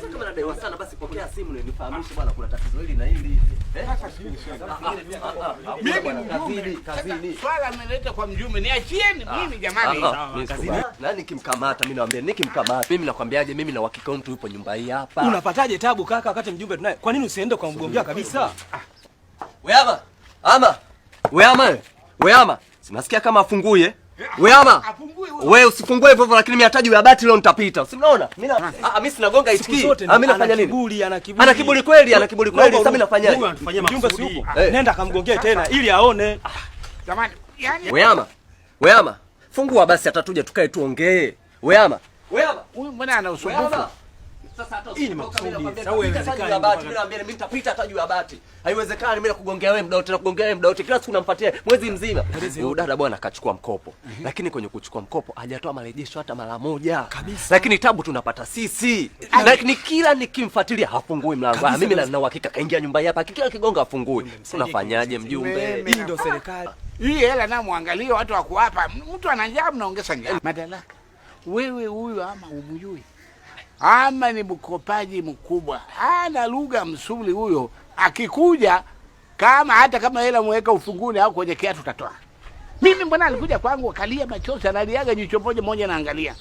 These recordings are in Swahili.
Sasa kama nadaiwa sana basi pokea simu na nifahamishe bwana kuna tatizo hili na hili. Eh? Ah, ah, mimi ah, kazini kazini. Swala ameleta kwa mjumbe niachieni mimi jamani. Kazini. Na nikimkamata mimi nawaambia nikimkamata mimi nakwambiaje mimi na uhakika mtu yupo nyumba hii hapa. Unapataje tabu kaka wakati mjumbe tunaye? Kwa nini usiende kwa mgombea kabisa? Weama. Ama. Weama. Weama. Sinasikia kama afunguye. Eh? Weama. Wewe usifungue hivyo lakini mimi hataji ya battle nitapita. Si unaona? Mimi ah. Ah, mimi sinagonga itikii. Ah, mimi nafanya nini? Kiburi ana kiburi. Ana kiburi kweli, ana kiburi kweli. Sasa mimi nafanya nini? Mjumbe si yuko. Eh. Nenda kamgongee tena ili aone. Jamani, yani Weama. Weama. Fungua basi atatuja tukae tuongee. Weama. Weama. Huyu mbona ana usumbufu? haiwezekani. Mimi hata nakugongea wewe nakugongea wewe Kila siku namfuatia mwezi mzima. Huyu dada bwana akachukua mkopo. Lakini kwenye kuchukua mkopo hajatoa marejesho hata mara moja. Lakini tabu tunapata sisi. Lakini kila nikimfuatilia hafungui mlango. Mimi na uhakika kaingia nyumba hapa. Kila kigonga hafungui. Unafanyaje mjumbe? Hii ndio serikali. Hii hela na muangalie watu Mtu Wewe huyu ama umjui? ama ni mkopaji mkubwa, ana lugha msuli huyo. Akikuja kama hata kama hela mweka ufunguni au kwenye kiatu tatoa Mimi mbona alikuja kwangu akalia machozi, analiaga jicho moja moja, naangalia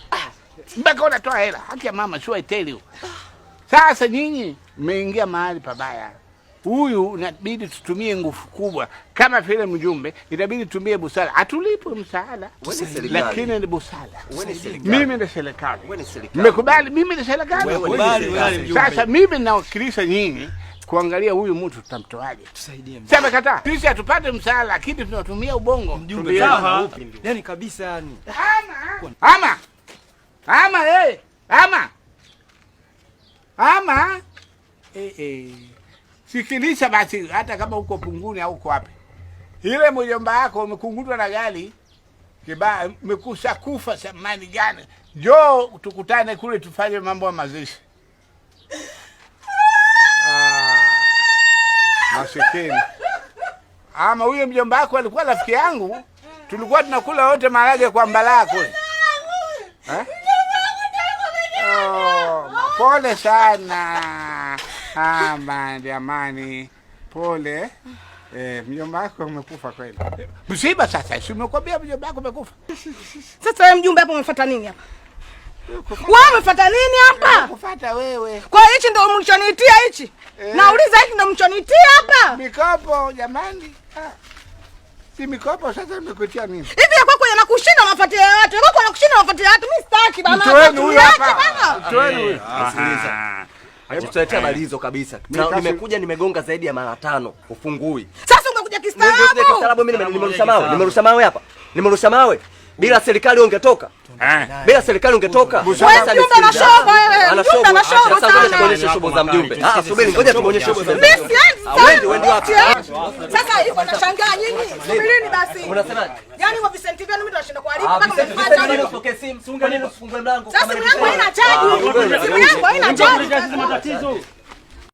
mpaka unatoa hela. Haki ya mama, sio I Sasa nyinyi mmeingia mahali pabaya huyu inabidi tutumie nguvu kubwa, kama vile mjumbe inabidi tutumie busara. Hatulipo msaada, lakini ni busara. Mimi ni serikali, mmekubali? Mimi ni serikali. Sasa mimi nawakilisha nyinyi kuangalia huyu mtu tutamtoaje? Tusaidie. Sasa Sisi hatupate msaada lakini tunatumia ubongo. Yaani kabisa yani. Ama. Ama. Ama eh. Ama. Ama. Eh eh sikilisha basi, hata kama uko Punguni au uko wapi, ile mjomba yako umekungutwa na gari kibaya, umekusha kufa samani gani, njoo tukutane kule tufanye mambo ya mazishi. Ah, masikini ama huyo mjomba wako alikuwa rafiki yangu, tulikuwa tunakula wote maharage kwa mbalaa eh? kule. Oh, pole sana. Jamani, pole. Eh, mjomba wako umekufa kweli. Msiba sasa, si umekwambia mjomba wako umekufa. Sasa wewe mjumbe hapo umefuata nini hapa? Wewe umefuata nini hapa? Kufuata wewe. Kwa hichi ndio mlichonitia hichi? Eh. Nauliza hichi ndio mlichonitia hapa? Mikopo jamani. Ah. Si mikopo sasa nimekutia mimi. Hivi ya kwa yanakushinda mafuatia ya watu. Ya kwako yanakushinda mafuatia ya watu. Mimi sitaki bana. Mtu wenu huyu hapa. Mtu wenu huyu. Asikiliza. Hatutuletea habari hizo kabisa. Nimekuja nimegonga zaidi ya mara tano, ufungui. Sasa ungekuja kistaarabu. Kistaarabu mimi nimerusha mawe, nimerusha mawe hapa. Nimerusha mawe bila serikali ungetoka, eh. bila serikali ungetoka. Tuonyeshe shobo za mjumbe. Ah, subiri ngoja tuonyeshe shobo ah, Sasa nyinyi, subirini basi. Unasemaje? Yaani kwa vyenu mimi tunashinda kuharibu ah, Simu haina chaji. Simu yangu haina chaji.